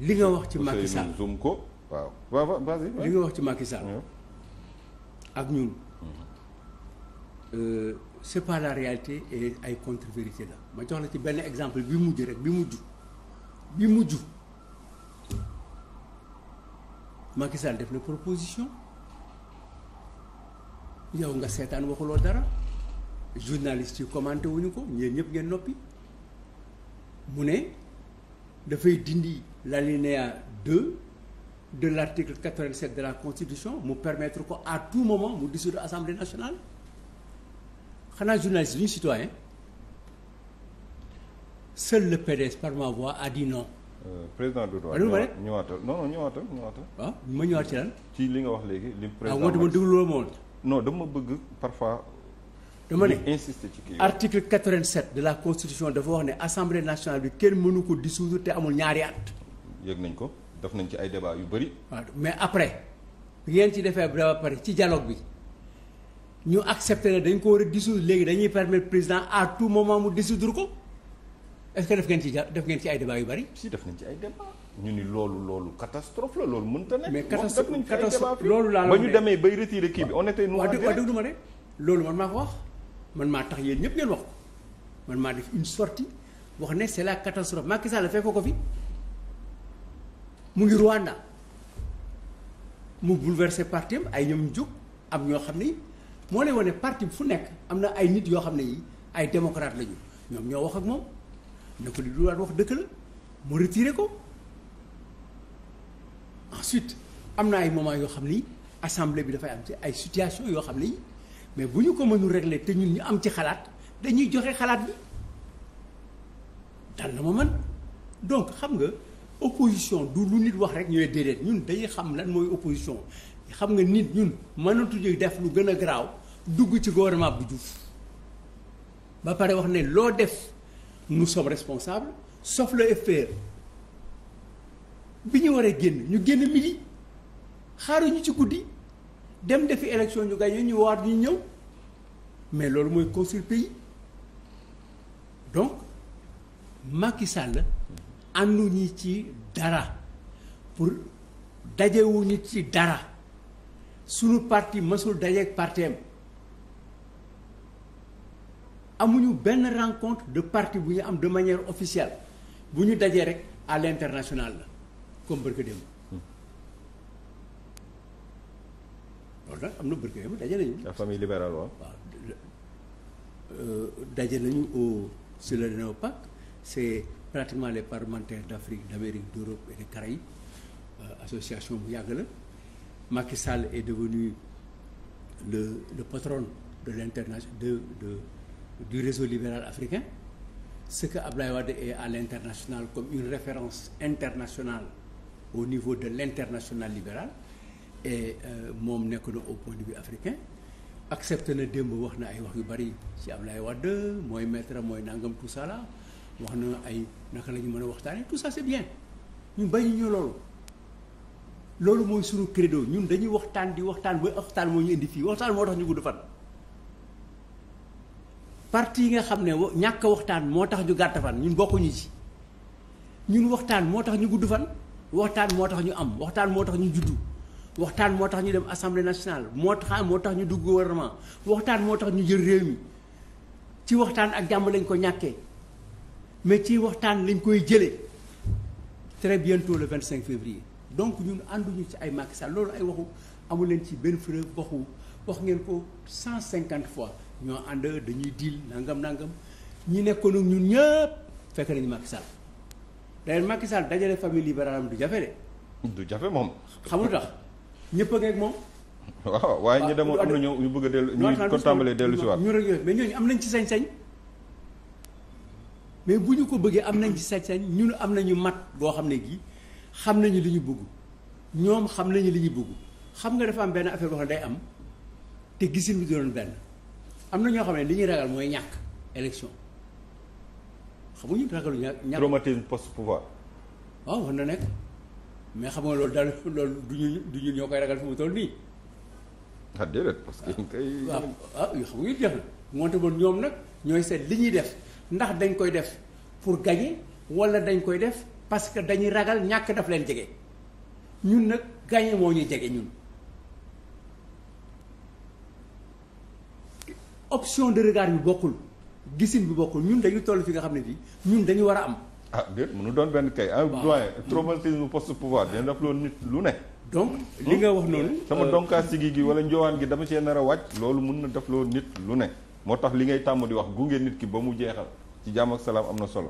li nga wax ci Macky Sall zoom ko waaw waaw vas li wax ci Macky Sall ak ñun mm-hmm. euh, c'est pas la réalité ay contre-vérité la ma jox la ci benn exemple bi mujj rek bi mujj bi mujj Macky def na proposition yow nga seetaan waxuloo dara journaliste yi commenté wuñu ko ñeen ñëpp ngeen noppi mu ne dafay dindi l'alinéa 2 de l'article 87 de la constitution mu permettre ko à tout moment mu dissoudre assemblée nationale xanaa journaliste du citoyen seul le PDS par ma voix a dit non. Euh, président Doudou Wade ñëwaatal non non ñëwaatal ñëwaatal. waaw ah, ma ñëwaat ci lan. ci li nga wax léegi li président. ah moo dama bëgg parfois. dama ne article 87 de la constitution dafa wax ne assemblée nationale bi kenn mënu ko dissoudre te amul ñaari at. yëg nañ ko def nañ ci ay débat yu bëri. waaw mais après bi ngeen ci defee ba pare ci dialogue bi ñu accepté ne dañ ko war a dissoudre léegi dañuy permettre président à tout moment mu dissoudre ko est ci def ngeen ci ay débat yu bëri. si def nañ ci ay débat ni loolu loolu catastrophe la loolu mënta ne. mais catastrophe loolu laa la wax ba ñu demee bay retirer kii bi on de loolu man maa ko wax. man maa tax yéen ñëpp ngeen wax ko man maa def une sortie wax ne c'est la catastrophe Macky Sall fekk ko fi mu ngi Rwanda mu bouleversé parti am ay ñoom jóg am ñoo xam ne moo lay wane parti fu nekk am na ay nit yoo xam ne yi ay démocrate lañu ñoom ñoo wax ak moom ne ko li du daan wax dëkk la mu retiré ko ensuite am na ay moment yoo xam ni assemblée bi dafay am ci ay situation yoo xam ne yi mais bu ñu ko mënul régler te ñun ñu am ci xalaat dañuy joxe xalaat bi dal na ma mën donc xam nga opposition du lu nit wax rek ñu ne déedéet ñun dañuy xam lan mooy opposition xam nga nit ñun mënatuñu def lu gën a garaaw dugg ci gouvernement bu Diouf ba pare wax ne loo def nous sommes responsable sauf le FPR bi ñu waree génn ñu génn midi xaaruñu ci guddi. dem defi élection ñu gagné ñu waar ñu ñëw mais loolu mooy construire pays donc Macky Sall ànduñu ci dara pour dajewuñu ci dara sunu parti masul dajeeg parti amuñu benn rencontre de parti bu ñu am de manière officielle bu ñu dajee rek à internationale la comme bërka loolu nag am na barke yooyu daje nañu. la famille libérale waaw. Euh, daje nañu au si le NEOPAC c'est pratiquement les parlementaires d'Afrique d'Amérique d'Europe et des Caraïbes euh, association bu yàgg la Macky Sall est devenu le le patron de l'international de de du réseau libéral africain ce que Abdoulaye Wade est à l'international comme une référence internationale au niveau de l'international libéral Euh, moom nekk na au point de vue africain accepté na démb wax na ay wax yu bari ci Ablaye Wade mooy maître mooy nangam tout ça wax na ay naka la ñu mën a waxtaan tout ça c'est bien ñun bañu ñu loolu loolu mooy sunu credo ñun dañuy waxtaan di waxtaan ba waxtaan moo ñu indi fii waxtaan moo tax ñu gudd fan. parti yi nga xam ne ñàkk waxtaan moo tax ñu gàtt fan ñun bokkuñu ci ñun waxtaan moo tax ñu gudd fan waxtaan moo tax ñu am waxtaan moo tax ñu juddu. waxtaan moo tax ñu dem assemblée nationale moo tax moo tax ñu dugg gouvernement waxtaan moo tax ñu jël réew mi ci waxtaan ak jàmm lañ ko ñàkkee mais ci waxtaan lañ koy jëlee très bientôt le cinq février. donc ñun ànduñu ci ay Macky loolu ay waxu amu leen ci benn preuve waxu wax ngeen ko 150 fois ñoo ànd dañuy diil nangam nangam ñi nekkoon ak ñun ñëpp fekk nañu Macky Sall d'ailleurs Macky Sall dajale famille libérale am du jafe de. du jafe moom. xamul tax. ñëpp a ngeeg moom. waaw waaye ñu demoon am na ñu bëgg a dellu ñu ko tàmbalee dellu si waat ñu rek mais am nañ ci sañ-sañ mais bu ñu ko bëggee am nañ ci sañ ñun am nañu mat boo xam ne gii xam nañu li ñu bëgg ñoom xam nañu li ñu bëgg xam nga dafa am benn affaire boo day am te gisin benn am na ñoo xam ne li ñuy ragal mooy ñàkk élection xamuñu ragalu ñàkk. traumatisme post pouvoir waaw war na nekk. mais xam nga loolu daal loolu du ñu du ñu ñoo koy ragal fu mu toll nii. ah déedéet parce que. waaw ah. ah, ah, xam nga jeex na ñoom nag ñooy seet li ñuy def ndax dañ koy def pour gagner wala dañ koy def parce que dañuy ragal ñàkk daf leen jege ñun nag gagner moo ñu jege ñun. option de regard bi bokkul gisin bi bokkul ñun dañu toll fi nga xam ne bii ñun dañu war a am. ah déet mënu doon benn kay ah doyen traumatisme post pouvoir dina def loolu nit lu ne. donc li nga wax noonu. sama euh, donkaas gi gi wala njowaan gi dama cee nar a wàcc. loolu mun na def loolu nit lu ne moo tax li ngay tàmm di wax gunge nit ki ba mu jeexal ci jàmm ak salaam am na solo.